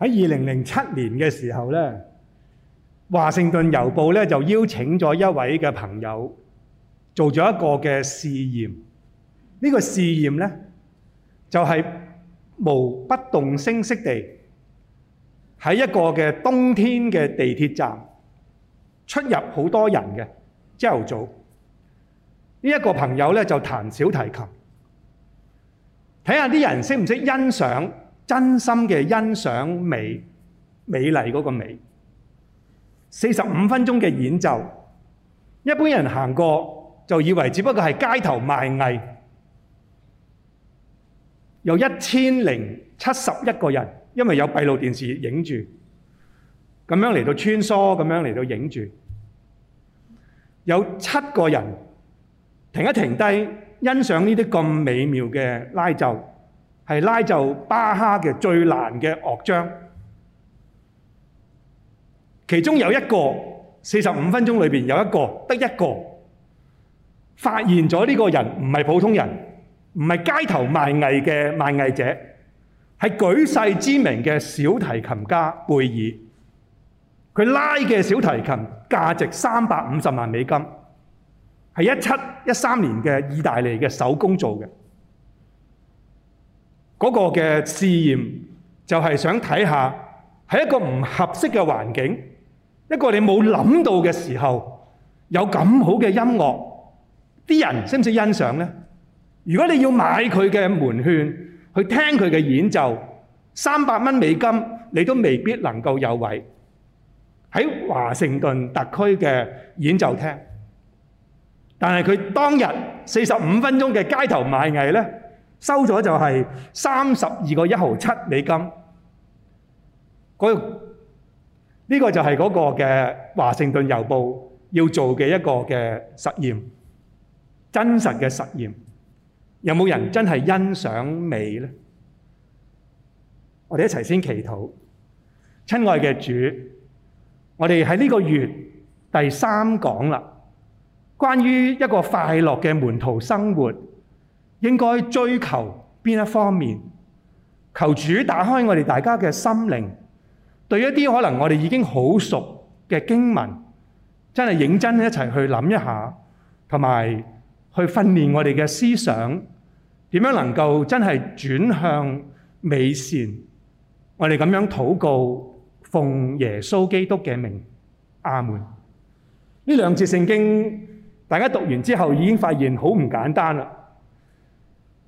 喺二零零七年嘅時候呢，華盛頓郵報呢就邀請咗一位嘅朋友做咗一個嘅試驗。呢個試驗呢就係無不動聲色地喺一個嘅冬天嘅地鐵站出入好多人嘅朝頭早。呢一個朋友呢就彈小提琴，睇下啲人識唔識欣賞。真心嘅欣賞美，美麗嗰個美。四十五分鐘嘅演奏，一般人行過就以為只不過係街頭賣藝。有一千零七十一個人，因為有閉路電視影住，咁樣嚟到穿梭，咁樣嚟到影住，有七個人停一停低，欣賞呢啲咁美妙嘅拉奏。係拉奏巴哈嘅最難嘅樂章，其中有一個四十五分鐘裏面有一個得一個發現咗呢個人唔係普通人，唔係街頭賣藝嘅賣藝者，係舉世知名嘅小提琴家貝爾。佢拉嘅小提琴價值三百五十萬美金，係一七一三年嘅意大利嘅手工做嘅。嗰個嘅試驗就係想睇下，喺一個唔合適嘅環境，一個你冇諗到嘅時候，有咁好嘅音樂，啲人識唔識欣賞咧？如果你要買佢嘅門券去聽佢嘅演奏，三百蚊美金你都未必能夠有位喺華盛頓特區嘅演奏廳。但係佢當日四十五分鐘嘅街頭賣藝咧。收咗就係三十二個一毫七美金。嗰、呢個就係嗰個嘅華盛頓郵報要做嘅一個嘅實驗，真實嘅實驗。有冇人真係欣賞美呢？我哋一齊先祈禱。親愛嘅主，我哋喺呢個月第三講喇，關於一個快樂嘅門徒生活。應該追求邊一方面？求主打開我哋大家嘅心靈，對一啲可能我哋已經好熟嘅經文，真係認真一齊去諗一下，同埋去訓練我哋嘅思想，點樣能夠真係轉向美善？我哋咁樣禱告，奉耶穌基督嘅名，阿門。呢兩節聖經，大家讀完之後已經發現好唔簡單啦。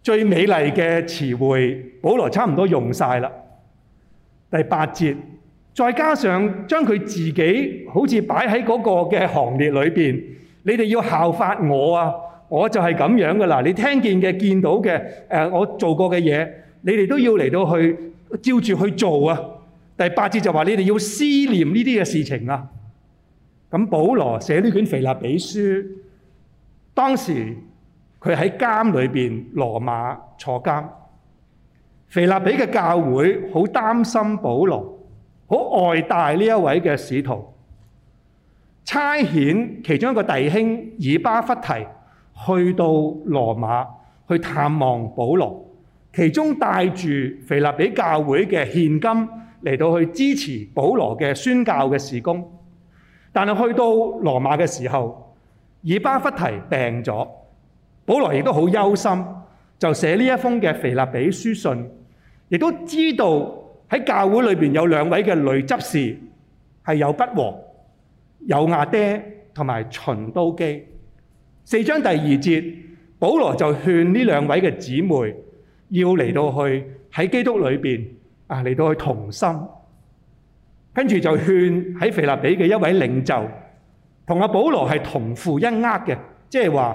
最美麗嘅詞彙，保羅差唔多用曬啦。第八節，再加上將佢自己好似擺喺嗰個嘅行列裏面，你哋要效法我啊，我就係咁樣㗎啦。你聽見嘅、見到嘅、呃，我做過嘅嘢，你哋都要嚟到去照住去做啊。第八節就話你哋要思念呢啲嘅事情啊。咁保羅寫呢卷腓立比書，當時。佢喺監裏面，羅馬坐監。腓立比嘅教會好擔心保羅，好愛戴呢一位嘅使徒。差遣其中一個弟兄以巴弗提去到羅馬去探望保羅，其中帶住腓立比教會嘅獻金嚟到去支持保羅嘅宣教嘅事工。但係去到羅馬嘅時候，以巴弗提病咗。保羅亦都好憂心，就寫呢一封嘅腓立比書信，亦都知道喺教會裏邊有兩位嘅女執事係有不和，友阿爹同埋循都基。四章第二節，保羅就勸呢兩位嘅姊妹要嚟到去喺基督裏邊啊嚟到去同心，跟住就勸喺腓立比嘅一位領袖，同阿保羅係同負一軛嘅，即係話。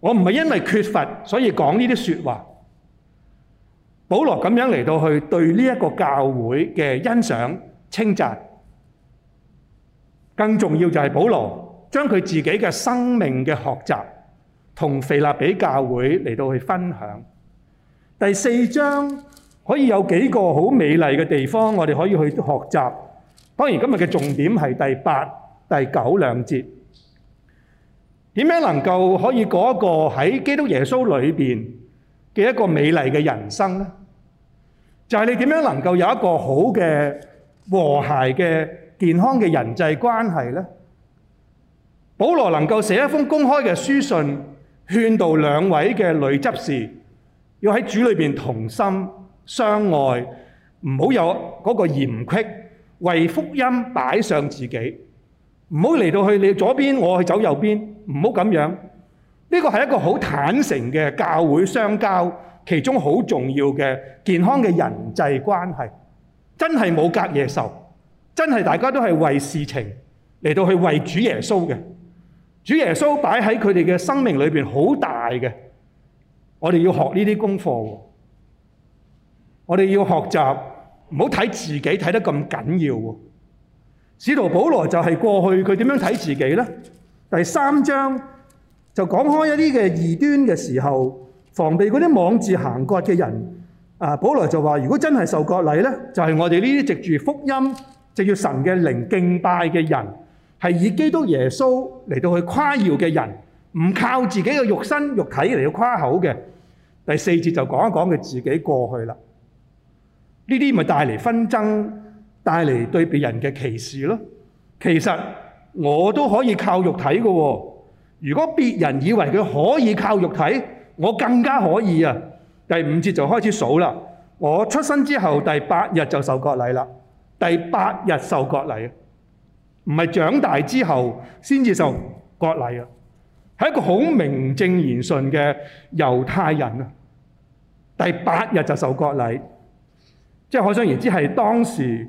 我唔係因為缺乏，所以講呢啲説話。保羅咁樣嚟到去對呢一個教會嘅欣賞、稱讚，更重要就係保羅將佢自己嘅生命嘅學習同腓立比教會嚟到去分享。第四章可以有幾個好美麗嘅地方，我哋可以去學習。當然今日嘅重點係第八、第九兩節。點樣能夠可以過一個喺基督耶穌裏面嘅一個美麗嘅人生呢？就係你點樣能夠有一個好嘅和諧嘅健康嘅人際關係呢？保羅能夠寫一封公開嘅書信，勸導兩位嘅女執事，要喺主裏面同心相愛，唔好有嗰個嚴苛，為福音擺上自己。唔好嚟到去你左邊，我去走右邊，唔好咁樣。呢個係一個好坦誠嘅教會相交，其中好重要嘅健康嘅人際關係，真係冇隔夜仇，真係大家都係為事情嚟到去為主耶穌嘅。主耶穌擺喺佢哋嘅生命裏面好大嘅，我哋要學呢啲功課。我哋要學習，唔好睇自己睇得咁緊要。使徒保羅就係過去佢點樣睇自己呢？第三章就講開一啲嘅異端嘅時候，防備嗰啲妄自行割嘅人。啊，保羅就話：如果真係受割禮呢，就係、是、我哋呢啲藉住福音、藉住神嘅靈敬拜嘅人，係以基督耶穌嚟到去誇耀嘅人，唔靠自己嘅肉身肉體嚟到誇口嘅。第四節就講一講佢自己過去啦。呢啲咪帶嚟紛爭？帶嚟對別人嘅歧視囉。其實我都可以靠肉體㗎喎。如果別人以為佢可以靠肉體，我更加可以啊。第五節就開始數啦。我出生之後第八日就受割禮啦。第八日受割禮，唔係長大之後先至受割禮啊。係一個好名正言順嘅猶太人啊。第八日就受割禮，即可想而知係當時。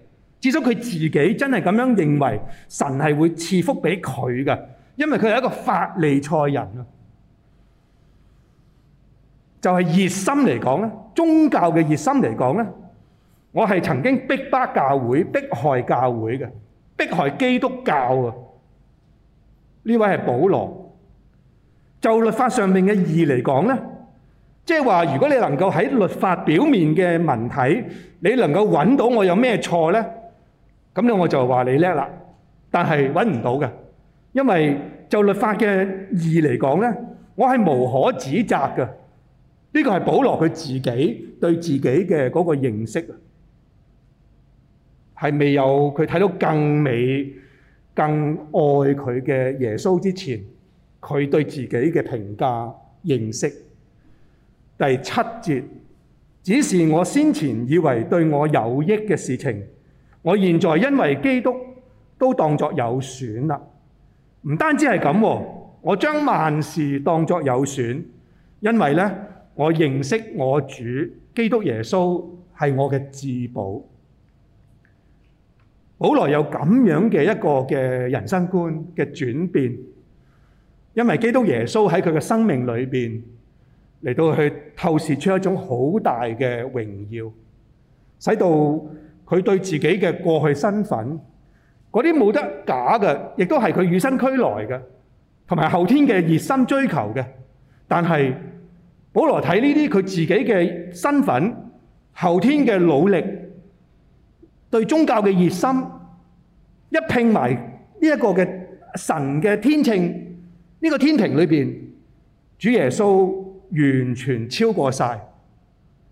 至少佢自己真係咁樣認為，神係會賜福俾佢㗎，因為佢係一個法利賽人。就係、是、熱心嚟講宗教嘅熱心嚟講，我係曾經逼迫教會、迫害教會嘅，迫害基督教啊。呢位係保羅。就律法上面嘅義嚟講呢，即係話如果你能夠喺律法表面嘅文體，你能夠揾到我有咩錯呢？咁咧我就話你叻啦，但係揾唔到嘅，因為就律法嘅義嚟講咧，我係無可指責嘅。呢個係保羅佢自己對自己嘅嗰個認識啊，係未有佢睇到更美、更愛佢嘅耶穌之前，佢對自己嘅評價認識。第七節，只是我先前以為對我有益嘅事情。我現在因為基督都當作有損啦，唔單止係咁，我將萬事當作有損，因為呢，我認識我主基督耶穌係我嘅至寶。保羅有咁樣嘅一個嘅人生觀嘅轉變，因為基督耶穌喺佢嘅生命裏面嚟到去透視出一種好大嘅榮耀，使到。佢對自己嘅過去身份，嗰啲冇得假嘅，亦都係佢與生俱來嘅，同埋後天嘅熱心追求嘅。但係保羅睇呢啲佢自己嘅身份、後天嘅努力、對宗教嘅熱心，一拼埋呢一個嘅神嘅天秤，呢、這個天庭裏面，主耶穌完全超過晒，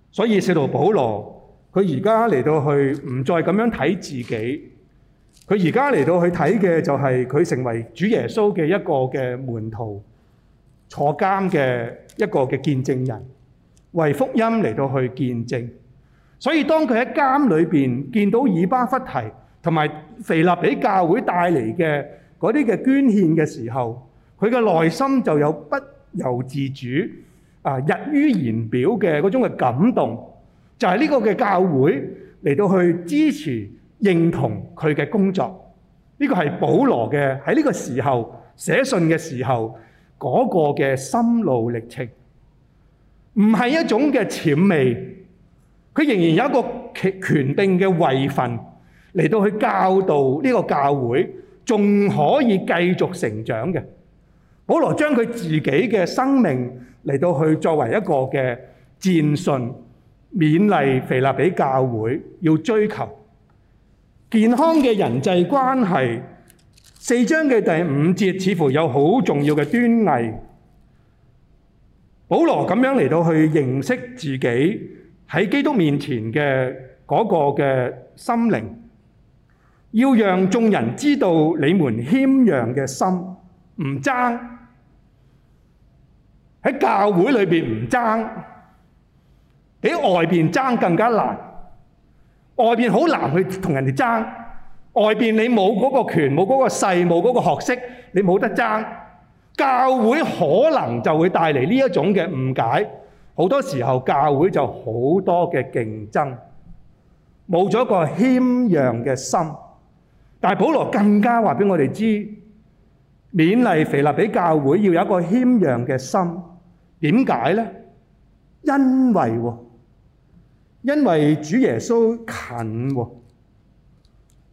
所以使徒保羅。佢而家嚟到去唔再咁樣睇自己，佢而家嚟到去睇嘅就係佢成為主耶穌嘅一個嘅門徒，坐監嘅一個嘅見證人，為福音嚟到去見證。所以當佢喺監裏邊見到以巴弗提同埋腓立比教會帶嚟嘅嗰啲嘅捐獻嘅時候，佢嘅內心就有不由自主啊，溢於言表嘅嗰種嘅感動。就係呢個嘅教會嚟到去支持認同佢嘅工作，呢個係保羅嘅，喺呢個時候寫信嘅時候嗰個嘅心路歷程，唔係一種嘅潛味，佢仍然有一個權權柄嘅位份嚟到去教導呢個教會，仲可以繼續成長嘅，保羅將佢自己嘅生命嚟到去作為一個嘅戰信，勉勵腓立比教會要追求健康嘅人際關係。四章嘅第五節似乎有好重要嘅端倪。保羅咁樣嚟到去認識自己喺基督面前嘅嗰個嘅心靈，要讓眾人知道你們謙讓嘅心，唔爭，喺教會裏面唔爭。喺外邊爭更加難，外邊好難去同人哋爭。外邊你冇嗰個權，冇嗰個勢，冇嗰個學識，你冇得爭。教會可能就會帶嚟呢一種嘅誤解。好多時候教會就好多嘅競爭，冇咗一個謙讓嘅心。但係保羅更加話俾我哋知，勉勵腓立比教會要有一個謙讓嘅心。點解呢？因為喎。因為主耶穌近喎，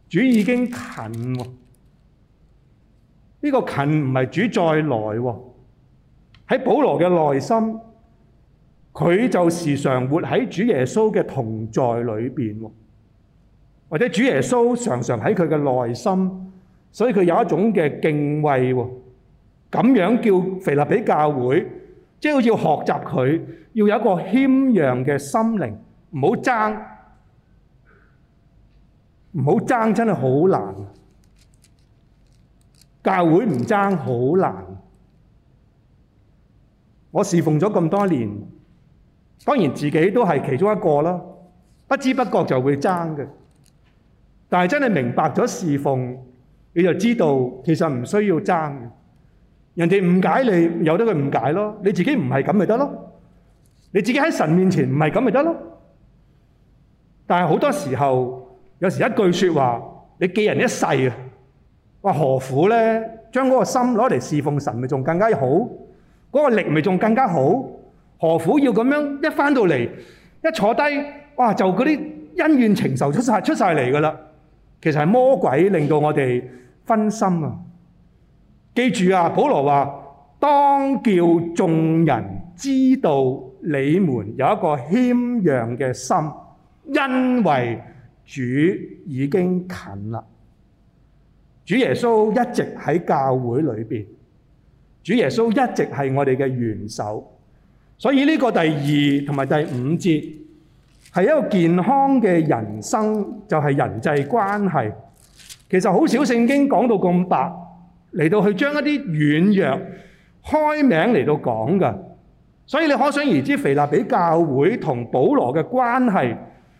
主已經近喎。呢、這個近唔係主再來喎，喺保羅嘅內心，佢就時常活喺主耶穌嘅同在裏面，喎。或者主耶穌常常喺佢嘅內心，所以佢有一種嘅敬畏喎。咁樣叫腓立比教會，即、就、係、是、要學習佢，要有一個謙讓嘅心靈。唔好爭，唔好爭，真係好難。教會唔爭，好難。我侍奉咗咁多年，當然自己都係其中一個啦。不知不覺就會爭嘅，但係真係明白咗侍奉，你就知道其實唔需要爭嘅。人哋誤解你，由得佢誤解咯。你自己唔係咁咪得咯，你自己喺神面前唔係咁咪得咯。但係好多時候，有時一句説話，你記人一世啊！哇，何苦呢？將嗰個心攞嚟侍奉神，咪仲更加好？嗰、嗰個力咪仲更加好？何苦要咁樣一返到嚟，一坐低，哇！就嗰啲恩怨情仇出晒嚟㗎喇。其實係魔鬼令到我哋分心啊！記住啊，保羅話：當叫眾人知道你們有一個謙讓嘅心。因為主已經近啦，主耶穌一直喺教會裏邊，主耶穌一直係我哋嘅元首，所以呢個第二同埋第五節係一個健康嘅人生就係人際關係。其實好少聖經講到咁白嚟，到去將一啲軟弱開名嚟到講噶，所以你可想而知，腓立比教會同保羅嘅關係。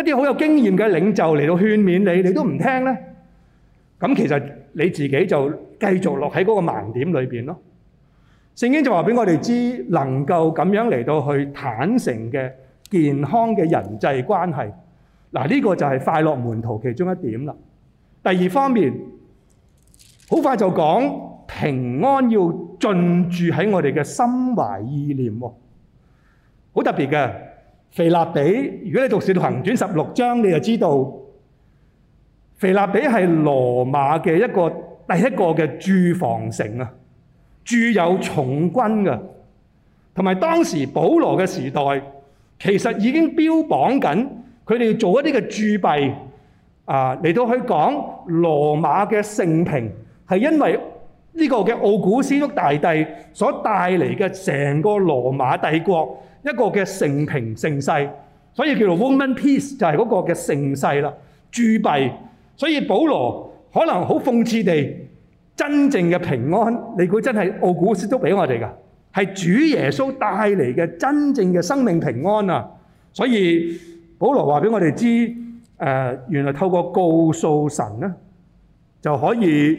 一啲好有經驗嘅領袖嚟到勸勉你，你都唔聽咧，咁其實你自己就繼續落喺嗰個盲點裏邊咯。聖經就話俾我哋知，能夠咁樣嚟到去坦誠嘅、健康嘅人際關係，嗱、這、呢個就係快樂門徒其中一點啦。第二方面，好快就講平安要進駐喺我哋嘅心懷意念，好特別嘅。腓立比，如果你讀《使徒行傳》十六章，你就知道腓立比係羅馬嘅一個第一個嘅駐防城啊，駐有重軍㗎，同埋當時保羅嘅時代，其實已經標榜緊佢哋要做一啲嘅鑄幣啊，嚟到去講羅馬嘅盛平係因為。呢、這個嘅奧古斯都大帝所帶嚟嘅成個羅馬帝國一個嘅盛平盛世，所以叫做 Woman Peace 就係嗰個嘅盛世啦，鑄幣。所以保羅可能好諷刺地，真正嘅平安，你估真係奧古斯都俾我哋嘅，係主耶穌帶嚟嘅真正嘅生命平安啊！所以保羅話俾我哋知，誒，原來透過告訴神咧，就可以。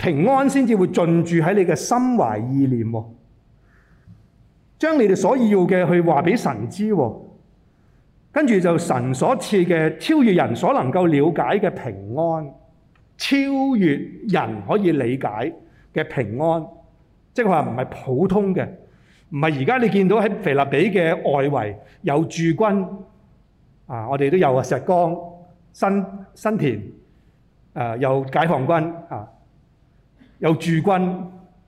平安先至會進駐喺你嘅心懷意念喎，將你哋所要嘅去話俾神知喎，跟住就神所賜嘅超越人所能夠了解嘅平安，超越人可以理解嘅平安，即係話唔係普通嘅，唔係而家你見到喺腓立比嘅外圍有駐軍，啊，我哋都有啊，石崗、新新田，誒有解放軍啊。有駐軍，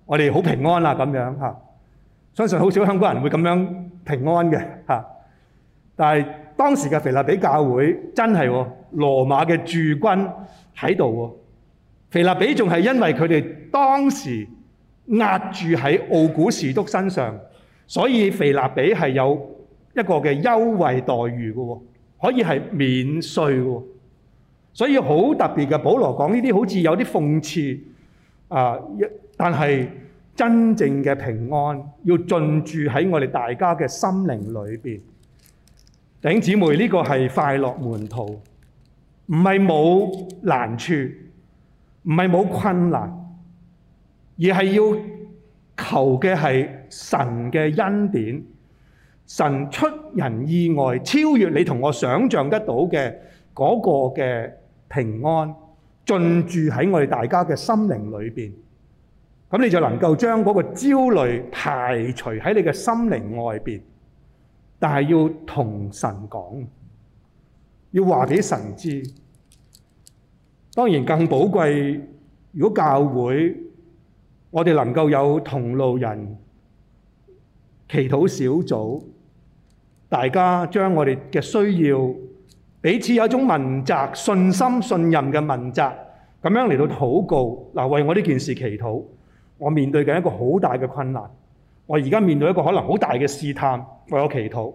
我哋好平安啦、啊、咁樣，相信好少香港人會咁樣平安嘅。但係當時嘅腓立比教會真係喎，羅馬嘅駐軍喺度喎。腓立比仲係因為佢哋當時壓住喺奧古士督身上，所以腓立比係有一個嘅優惠待遇㗎喎，可以係免稅嘅喎。所以好特別嘅，保羅講呢啲好似有啲諷刺。啊！一但係真正嘅平安，要進駐喺我哋大家嘅心靈裏面。弟兄姊妹，呢個係快樂門徒，唔係冇難處，唔係冇困難，而係要求嘅係神嘅恩典，神出人意外，超越你同我想象得到嘅嗰個嘅平安。進駐喺我哋大家嘅心靈裏面，咁你就能夠將嗰個焦慮排除喺你嘅心靈外邊，但係要同神講，要話俾神知。當然更寶貴，如果教會我哋能夠有同路人、祈禱小組，大家將我哋嘅需要。彼此有一種問責、信心、信任嘅問責，咁樣嚟到禱告，為為我呢件事祈禱。我面對緊一個好大嘅困難，我而家面對一個可能好大嘅試探，為我祈禱，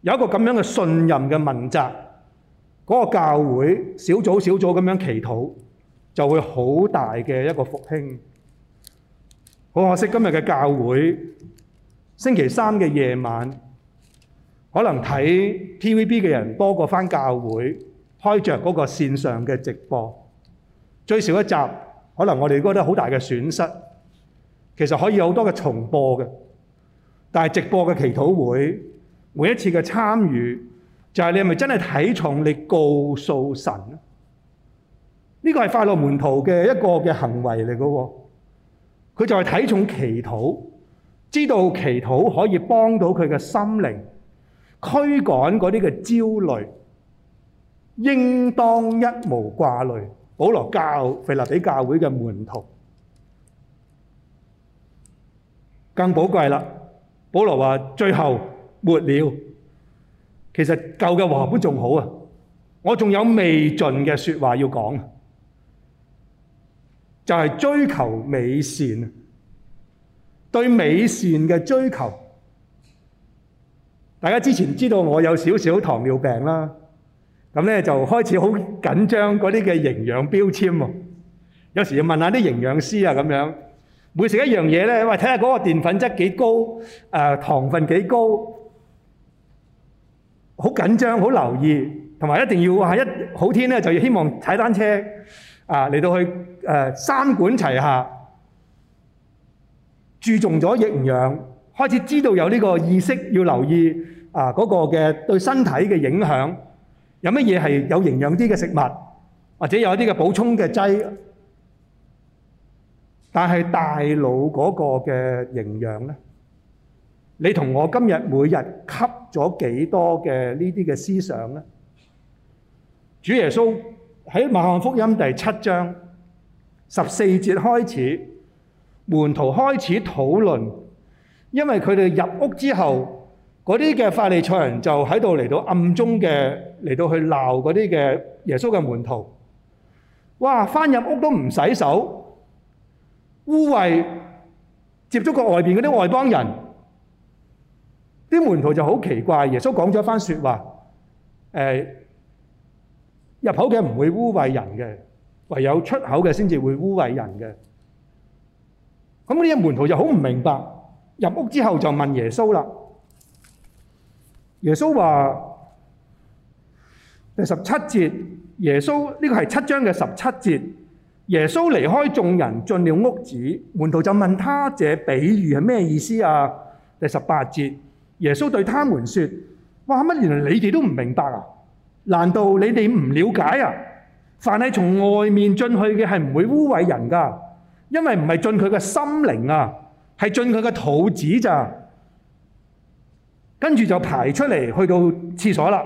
有一個咁樣嘅信任嘅問責，嗰、那個教會小組小組咁樣祈禱，就會好大嘅一個復興。好可惜今日嘅教會，星期三嘅夜晚。可能睇 TVB 嘅人多過返教會開着嗰個線上嘅直播，最少一集，可能我哋覺得好大嘅損失。其實可以有好多嘅重播嘅，但係直播嘅祈禱會，每一次嘅參與就係、是、你係咪真係睇重你告訴神呢？呢個係快樂門徒嘅一個嘅行為嚟噶，佢就係睇重祈禱，知道祈禱可以幫到佢嘅心靈。驅趕嗰啲嘅焦慮，應當一無掛慮。保羅教腓立比教會嘅門徒，更寶貴啦。保羅話：最後沒了，其實舊嘅話本仲好啊，我仲有未盡嘅說話要講，就係、是、追求美善，對美善嘅追求。大家之前知道我有少少糖尿病啦，咁呢，就開始好緊張嗰啲嘅營養標籤喎，有時要問下啲營養師啊咁樣，每食一樣嘢呢，喂睇下嗰個澱粉質幾高，糖分幾高，好緊張，好留意，同埋一定要一好天呢，就要希望踩單車嚟到去三管齊下，注重咗營養，開始知道有呢個意識要留意。啊！嗰個嘅對身體嘅影響有乜嘢係有營養啲嘅食物，或者有一啲嘅補充嘅劑？但係大腦嗰個嘅營養咧，你同我今日每日吸咗幾多嘅呢啲嘅思想咧？主耶穌喺馬可福音第七章十四節開始，門徒開始討論，因為佢哋入屋之後。嗰啲嘅法利賽人就喺度嚟到暗中嘅嚟到去鬧嗰啲嘅耶穌嘅門徒，哇！翻入屋都唔洗手，污穢接觸過外邊嗰啲外邦人，啲門徒就好奇怪。耶穌講咗一番説話，誒、哎、入口嘅唔會污穢人嘅，唯有出口嘅先至會污穢人嘅。咁呢啲門徒就好唔明白，入屋之後就問耶穌啦。耶穌話：第十七節，耶穌呢、這個係七章嘅十七節。耶穌離開眾人，進了屋子，門徒就問他：這比喻係咩意思啊？第十八節，耶穌對他們說：哇！乜原來你哋都唔明白啊？難道你哋唔了解啊？凡係從外面進去嘅係唔會污穢人㗎，因為唔係進佢嘅心靈啊，係進佢嘅肚子咋。跟住就排出嚟，去到廁所啦。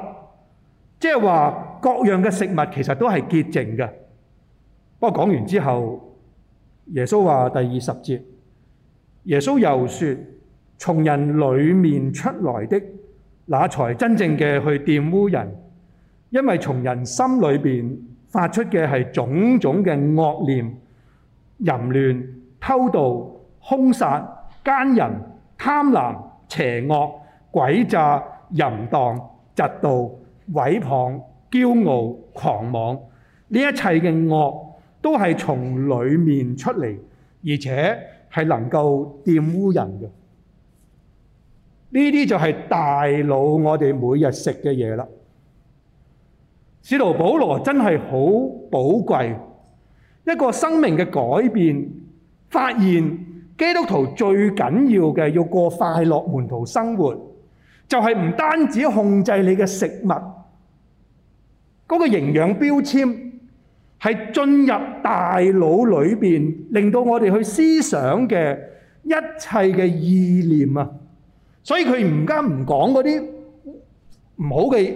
即係話各樣嘅食物其實都係潔淨嘅。不過講完之後，耶穌話第二十節，耶穌又說：從人裏面出來的，那才真正嘅去玷污人，因為從人心裏面發出嘅係種種嘅惡念、淫亂、偷盜、兇殺、奸人、貪婪、邪惡。邪惡、詭詐淫蕩、嫉妒、毀謗、驕傲、狂妄，呢一切嘅惡都係從裏面出嚟，而且係能夠玷污人嘅。呢啲就係大腦我哋每日食嘅嘢啦。使徒保羅真係好寶貴，一個生命嘅改變，發現基督徒最緊要嘅要過快樂門徒生活。就係、是、唔單止控制你嘅食物，嗰、那個營養標籤係進入大腦裏面，令到我哋去思想嘅一切嘅意念啊。所以佢而家唔講嗰啲唔好嘅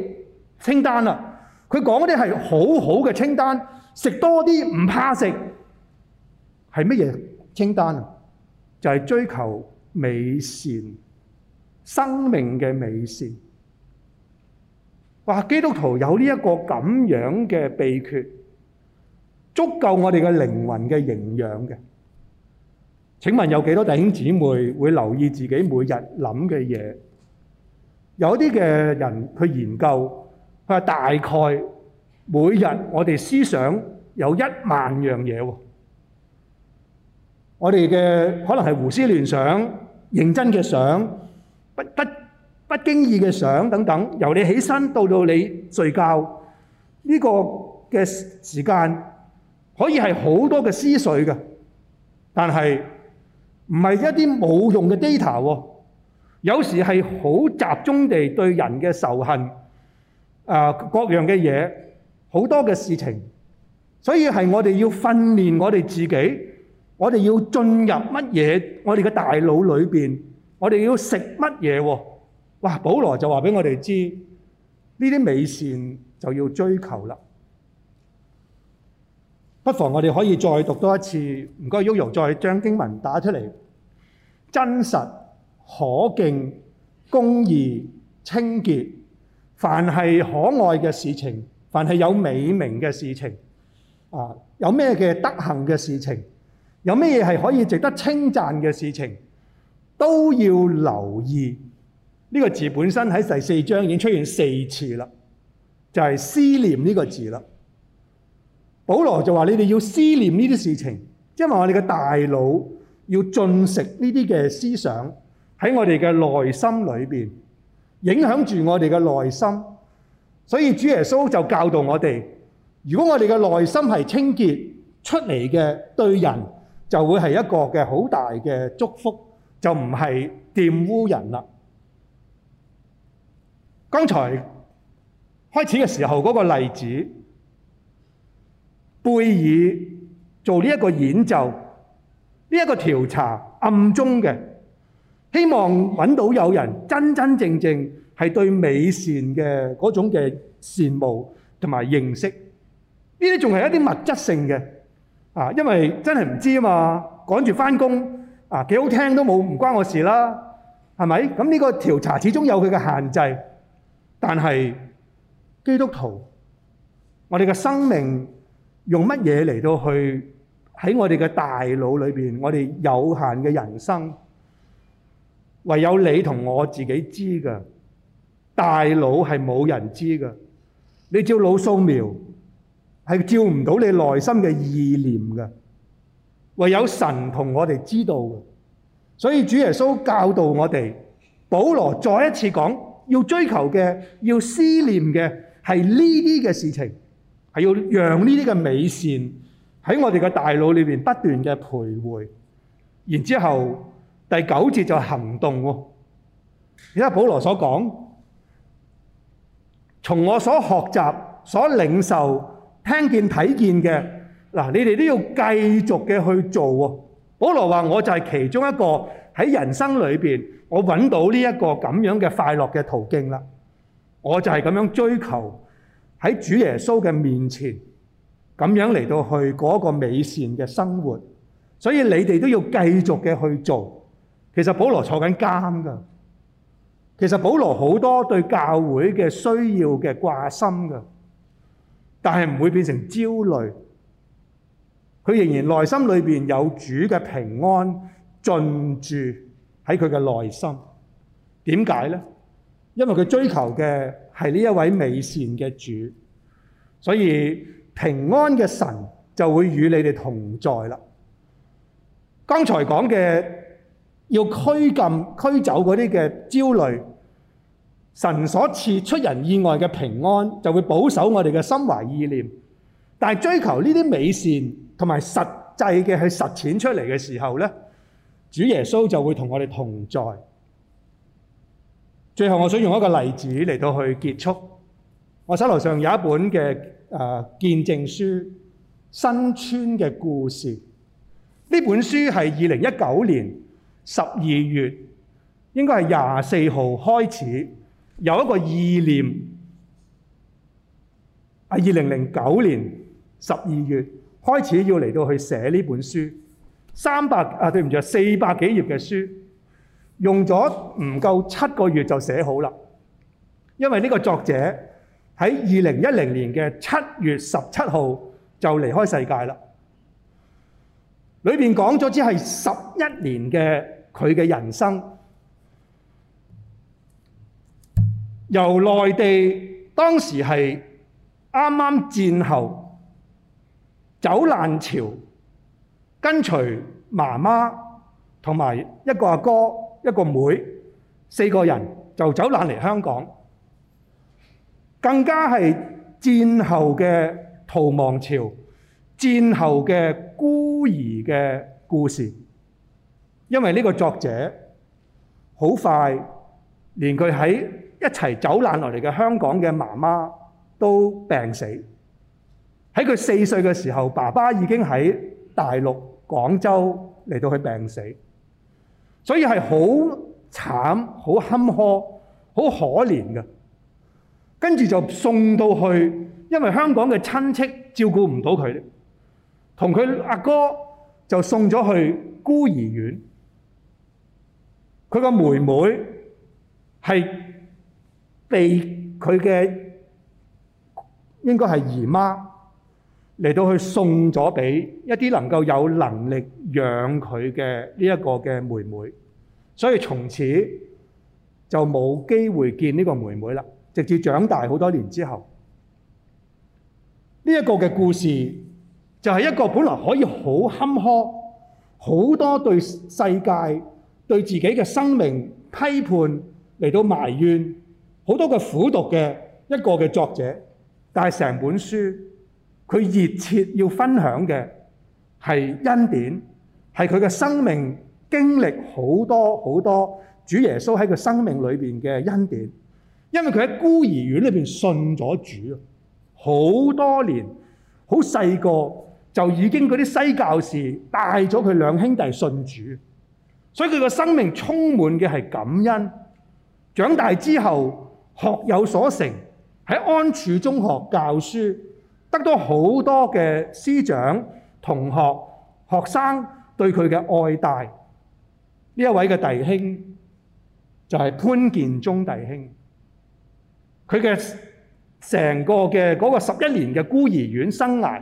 清單啦，佢講嗰啲係好好嘅清單，食多啲唔怕食。係乜嘢清單啊？就係、是、追求美善。生命嘅美善，哇！基督徒有呢一個咁樣嘅秘訣，足夠我哋嘅靈魂嘅營養嘅。請問有幾多弟兄姊妹會留意自己每日諗嘅嘢？有啲嘅人去研究，佢話大概每日我哋思想有一萬樣嘢，我哋嘅可能係胡思亂想，認真嘅想。不不經意嘅相等等，由你起身到到你睡覺，呢、這個嘅時間可以係好多嘅思緒嘅，但係唔係一啲冇用嘅 data。有時係好集中地對人嘅仇恨啊，呃，各樣嘅嘢，好多嘅事情，所以係我哋要訓練我哋自己，我哋要進入乜嘢我哋嘅大腦裏邊。我哋要食乜嘢？哇！保羅就話俾我哋知，呢啲美善就要追求啦。不妨我哋可以再讀多一次。唔該，Yoyo 再將經文打出嚟。真實、可敬、公義、清潔，凡係可愛嘅事情，凡係有美名嘅事情，啊，有咩嘅德行嘅事情，有咩嘢係可以值得稱讚嘅事情？都要留意呢個字本身喺第四章已經出現四次啦，就係思念呢個字啦。保羅就話：「你哋要思念呢啲事情，因為我哋嘅大腦要進食呢啲嘅思想喺我哋嘅內心裏邊，影響住我哋嘅內心。」所以主耶穌就教導我哋：如果我哋嘅內心係清潔出嚟嘅，對人就會係一個嘅好大嘅祝福。就唔係玷污人喇。剛才開始嘅時候嗰個例子，貝爾做呢個演奏，呢個調查暗中嘅希望揾到有人真真正正係對美善嘅嗰種嘅羨慕同埋認識。呢啲仲係一啲物質性嘅啊，因為真係唔知啊嘛，趕住翻工。啊，幾好聽都冇，唔關我事啦，係咪？咁呢個調查始終有佢嘅限制，但係基督徒，我哋嘅生命用乜嘢嚟到去喺我哋嘅大腦裏面，我哋有限嘅人生，唯有你同我自己知嘅，大腦係冇人知嘅。你照腦掃描係照唔到你內心嘅意念嘅。唯有神同我哋知道，所以主耶穌教導我哋，保羅再一次講，要追求嘅，要思念嘅係呢啲嘅事情，係要讓呢啲嘅美善喺我哋嘅大腦裏邊不斷嘅徘徊，然之後第九節就行動喎，因為保羅所講，從我所學習、所領受、聽見、睇見嘅。嗱，你哋都要繼續嘅去做喎。保羅話，我就係其中一個喺人生裏邊，我揾到呢一個咁樣嘅快樂嘅途徑啦。我就係咁樣追求喺主耶穌嘅面前，咁樣嚟到去嗰個美善嘅生活。所以你哋都要繼續嘅去做。其實保羅坐緊監㗎，其實保羅好多對教會嘅需要嘅掛心㗎，但係唔會變成焦慮。佢仍然內心裏面有主嘅平安，進駐喺佢嘅內心。點解咧？因為佢追求嘅係呢一位美善嘅主，所以平安嘅神就會與你哋同在啦。剛才講嘅要驅禁驅走嗰啲嘅焦慮，神所賜出人意外嘅平安就會保守我哋嘅心懷意念。但係追求呢啲美善。同埋實際嘅去實踐出嚟嘅時候咧，主耶穌就會同我哋同在。最後，我想用一個例子嚟到去結束。我手頭上有一本嘅誒見證書《新村嘅故事》。呢本書係二零一九年十二月，應該係廿四號開始，有一個意念，係二零零九年十二月。開始要嚟到去寫呢本書，三百，啊，對唔住，四百幾頁嘅書，用咗唔夠七個月就寫好啦。因為呢個作者喺二零一零年嘅七月十七號就離開世界啦，裏面講咗只係十一年嘅佢嘅人生，由內地，當時係啱啱戰後。走難潮，跟隨媽媽同埋一個阿哥、一個妹，四個人就走難嚟香港。更加係戰後嘅逃亡潮、戰後嘅孤兒嘅故事。因為呢個作者好快，連佢喺一齊走難落嚟嘅香港嘅媽媽都病死。喺佢四歲嘅時候，爸爸已經喺大陸廣州嚟到佢病死，所以係好慘、好坎坷、好可憐嘅。跟住就送到去，因為香港嘅親戚照顧唔到佢，同佢阿哥就送咗去孤兒院。佢個妹妹係被佢嘅，應該係姨媽。嚟到去送咗俾一啲能夠有能力養佢嘅呢一個嘅妹妹，所以從此就冇機會見呢個妹妹啦。直至長大好多年之後，呢一個嘅故事就係一個本來可以好坎坷、好多對世界、對自己嘅生命批判嚟到埋怨好多嘅苦讀嘅一個嘅作者，但係成本書。佢熱切要分享嘅係恩典，係佢嘅生命經歷好多好多主耶穌喺佢生命裏面嘅恩典，因為佢喺孤兒院裏面信咗主，好多年好細個就已經嗰啲西教士帶咗佢兩兄弟信主，所以佢嘅生命充滿嘅係感恩。長大之後學有所成，喺安處中學教書。得到好多嘅師長、同學、學生對佢嘅愛戴。呢一位嘅弟兄就係潘建忠弟兄。佢嘅成個嘅嗰個十一年嘅孤兒院生涯，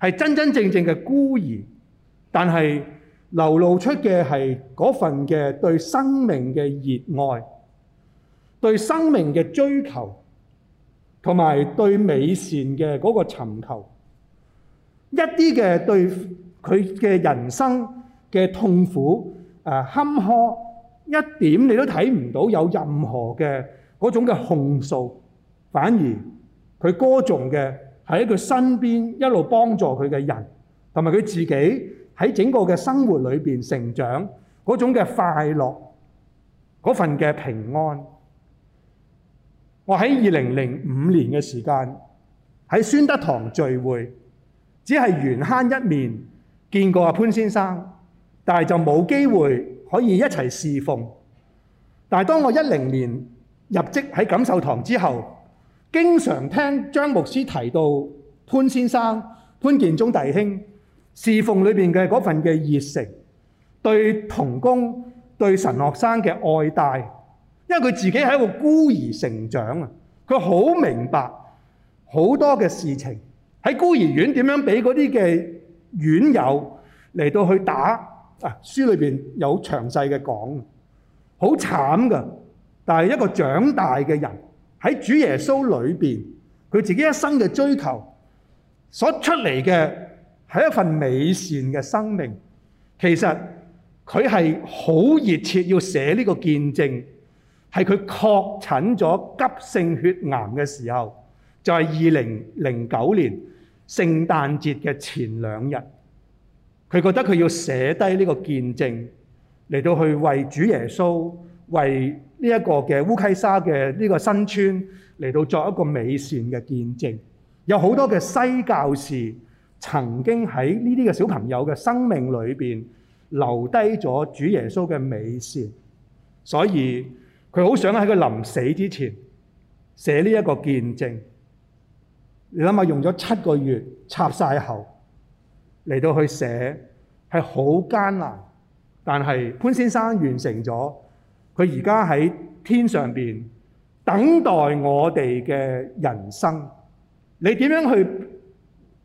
係真真正正嘅孤兒，但係流露出嘅係嗰份嘅對生命嘅熱愛，對生命嘅追求。同埋對美善嘅嗰個尋求，一啲嘅對佢嘅人生嘅痛苦啊呃、坎坷，一點你都睇唔到有任何嘅嗰種嘅控訴，反而佢歌頌嘅係喺佢身邊一路幫助佢嘅人，同埋佢自己喺整個嘅生活裏面成長嗰種嘅快樂，嗰份嘅平安。我喺二零零五年嘅時間喺宣德堂聚會，只係緣慳一面見過阿潘先生，但係就冇機會可以一齊侍奉。但係當我一零年入職喺錦繡堂之後，經常聽張牧師提到潘先生、潘建宗弟兄侍奉裏面嘅嗰份嘅熱誠，對童工對神學生嘅愛戴。因為佢自己係一個孤兒成長啊，佢好明白好多嘅事情喺孤兒院點樣畀嗰啲嘅院友嚟到去打啊，書裏面有詳細嘅講，好慘㗎，但係一個長大嘅人喺主耶穌裏面，佢自己一生嘅追求所出嚟嘅係一份美善嘅生命，其實佢係好熱切要寫呢個見證。係佢確診咗急性血癌嘅時候，就係二零零九年聖誕節嘅前兩日，佢覺得佢要寫低呢個見證嚟到去為主耶穌、為呢一個嘅烏溪沙嘅呢個新村嚟到作一個美善嘅見證。有好多嘅西教士曾經喺呢啲嘅小朋友嘅生命裏邊留低咗主耶穌嘅美善，所以。佢好想喺佢臨死之前寫呢一個見證。你諗下，用咗七個月插晒喉嚟到去寫，係好艱難。但係潘先生完成咗，佢而家喺天上邊等待我哋嘅人生。你點樣去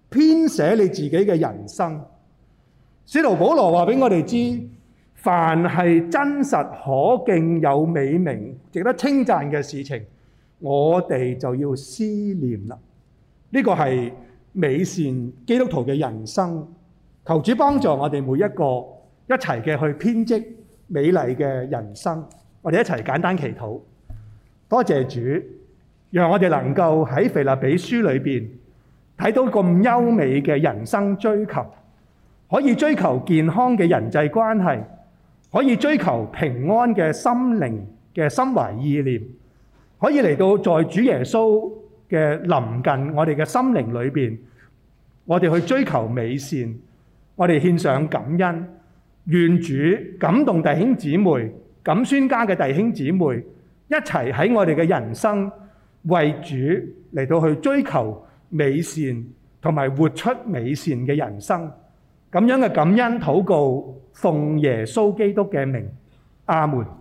編寫你自己嘅人生？使徒保羅話俾我哋知。凡係真實可敬有美名、值得稱讚嘅事情，我哋就要思念啦。呢個係美善基督徒嘅人生。求主幫助我哋每一個一齊嘅去編織美麗嘅人生。我哋一齊簡單祈禱。多謝主，讓我哋能夠喺腓立比書裏邊睇到咁優美嘅人生追求，可以追求健康嘅人際關係。可以追求平安嘅心靈嘅心懷意念，可以嚟到在主耶穌嘅臨近，我哋嘅心靈裏邊，我哋去追求美善，我哋獻上感恩，願主感動弟兄姊妹、感孫家嘅弟兄姊妹一齊喺我哋嘅人生為主嚟到去追求美善，同埋活出美善嘅人生。咁樣嘅感恩禱告，奉耶穌基督嘅名，阿門。